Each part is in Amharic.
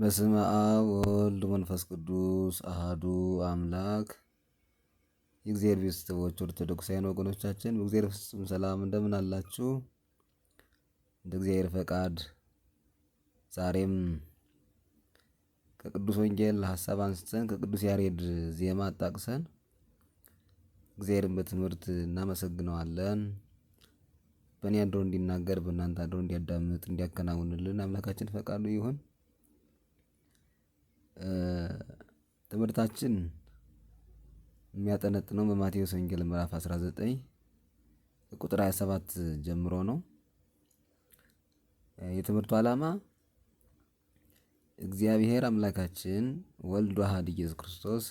በስመ አብ ወወልድ መንፈስ ቅዱስ አሃዱ አምላክ። የእግዚአብሔር ቤተሰቦች ኦርቶዶክሳውያን ወገኖቻችን በእግዚአብሔር ፍጹም ሰላም እንደምን አላችሁ? እንደ እግዚአብሔር ፈቃድ ዛሬም ከቅዱስ ወንጌል ሀሳብ አንስተን ከቅዱስ ያሬድ ዜማ አጣቅሰን እግዚአብሔርን በትምህርት እናመሰግነዋለን። በእኔ አድሮ እንዲናገር በእናንተ አድሮ እንዲያዳምጥ እንዲያከናውንልን አምላካችን ፈቃዱ ይሁን። ትምህርታችን የሚያጠነጥነው በማቴዎስ ወንጌል ምዕራፍ 19 ቁጥር 27 ጀምሮ ነው። የትምህርቱ ዓላማ እግዚአብሔር አምላካችን ወልድ ዋሕድ ኢየሱስ ክርስቶስ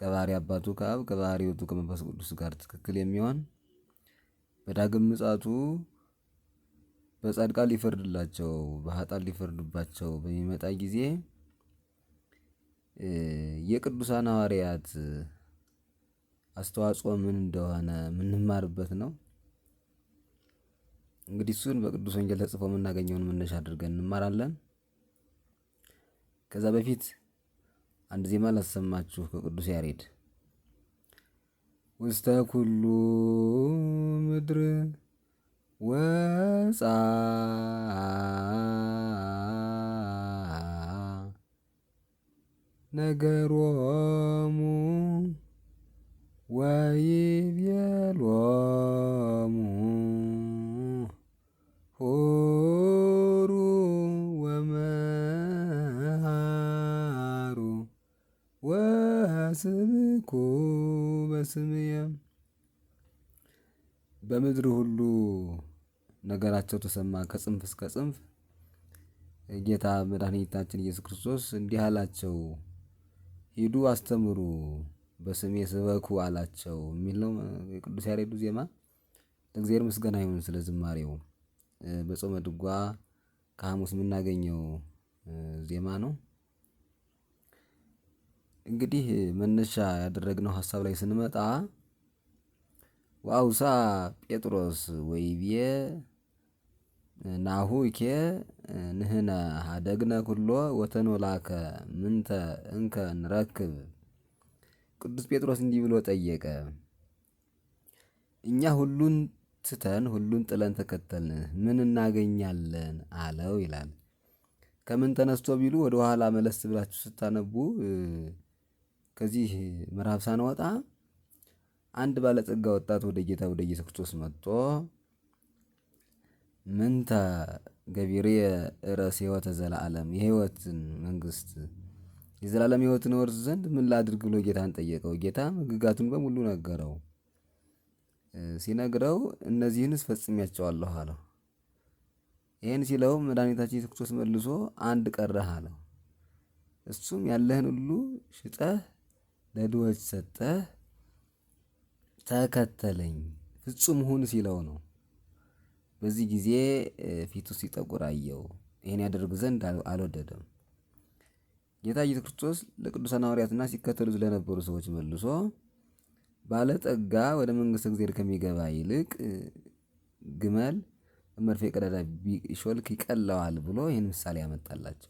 ከባሕሪ አባቱ ከአብ ከባሕሪ ወቱ ከመንፈስ ቅዱስ ጋር ትክክል የሚሆን በዳግም ምጻቱ በጻድቃን ሊፈርድላቸው በኃጥአን ሊፈርድባቸው በሚመጣ ጊዜ የቅዱሳን ሐዋርያት አስተዋጽኦ ምን እንደሆነ የምንማርበት ነው። እንግዲህ እሱን በቅዱስ ወንጌል ተጽፎ የምናገኘውን መነሻ አድርገን እንማራለን። ከዛ በፊት አንድ ዜማ ላሰማችሁ ከቅዱስ ያሬድ ውስተ ኩሉ ምድር ወፃ ነገሮሙ ወይቤሎሙ ሆሩ ወመሃሩ ወስብኩ በስምየ በምድር ሁሉ ነገራቸው ተሰማ ከጽንፍ እስከ ጽንፍ ጌታ መድኃኒታችን ኢየሱስ ክርስቶስ እንዲህ አላቸው። ሂዱ አስተምሩ በስሜ ስበኩ አላቸው የሚል ነው የቅዱስ ያሬዱ ዜማ። ለእግዚአብሔር ምስጋና ይሁን ስለ ዝማሬው። በጾመ ድጓ ከሐሙስ የምናገኘው ዜማ ነው። እንግዲህ መነሻ ያደረግነው ሀሳብ ላይ ስንመጣ ዋውሳ ጴጥሮስ ወይቤ ናሁኬ ንሕነ ሀደግነ ኵሎ ወተኖላከ ምንተ እንከ ንረክብ። ቅዱስ ጴጥሮስ እንዲህ ብሎ ጠየቀ። እኛ ሁሉን ትተን ሁሉን ጥለን ተከተልን ምን እናገኛለን? አለው ይላል። ከምን ተነስቶ ቢሉ ወደ ኋላ መለስ ብላችሁ ስታነቡ ከዚህ ምዕራፍ ሳንወጣ አንድ ባለጸጋ ወጣት ወደ ጌታ ወደ ኢየሱስ ክርስቶስ መጥቶ ምንታ ገቢርየ ርእስ ሕይወተ ዘለዓለም የህይወት መንግስት የዘላለም ህይወትን ወርስ ዘንድ ምን ላድርግ ብሎ ጌታን ጠየቀው። ጌታ ሕግጋቱን በሙሉ ነገረው። ሲነግረው እነዚህንስ ፈጽሜያቸዋለሁ አለው። ይህን ሲለው መድኃኒታችን ኢየሱስ ክርስቶስ መልሶ አንድ ቀረህ አለው። እሱም ያለህን ሁሉ ሽጠህ ለድሆች ሰጠህ ተከተለኝ ፍጹም ሁን ሲለው ነው። በዚህ ጊዜ ፊቱ ሲጠቁር አየው። ይህን ያደርግ ዘንድ አልወደደም። ጌታ ኢየሱስ ክርስቶስ ለቅዱሳን ሐዋርያትና ሲከተሉት ለነበሩ ሰዎች መልሶ ባለጠጋ ወደ መንግሥተ እግዚአብሔር ከሚገባ ይልቅ ግመል መርፌ ቀዳዳ ቢሾልክ ይቀለዋል ብሎ ይህን ምሳሌ ያመጣላቸው።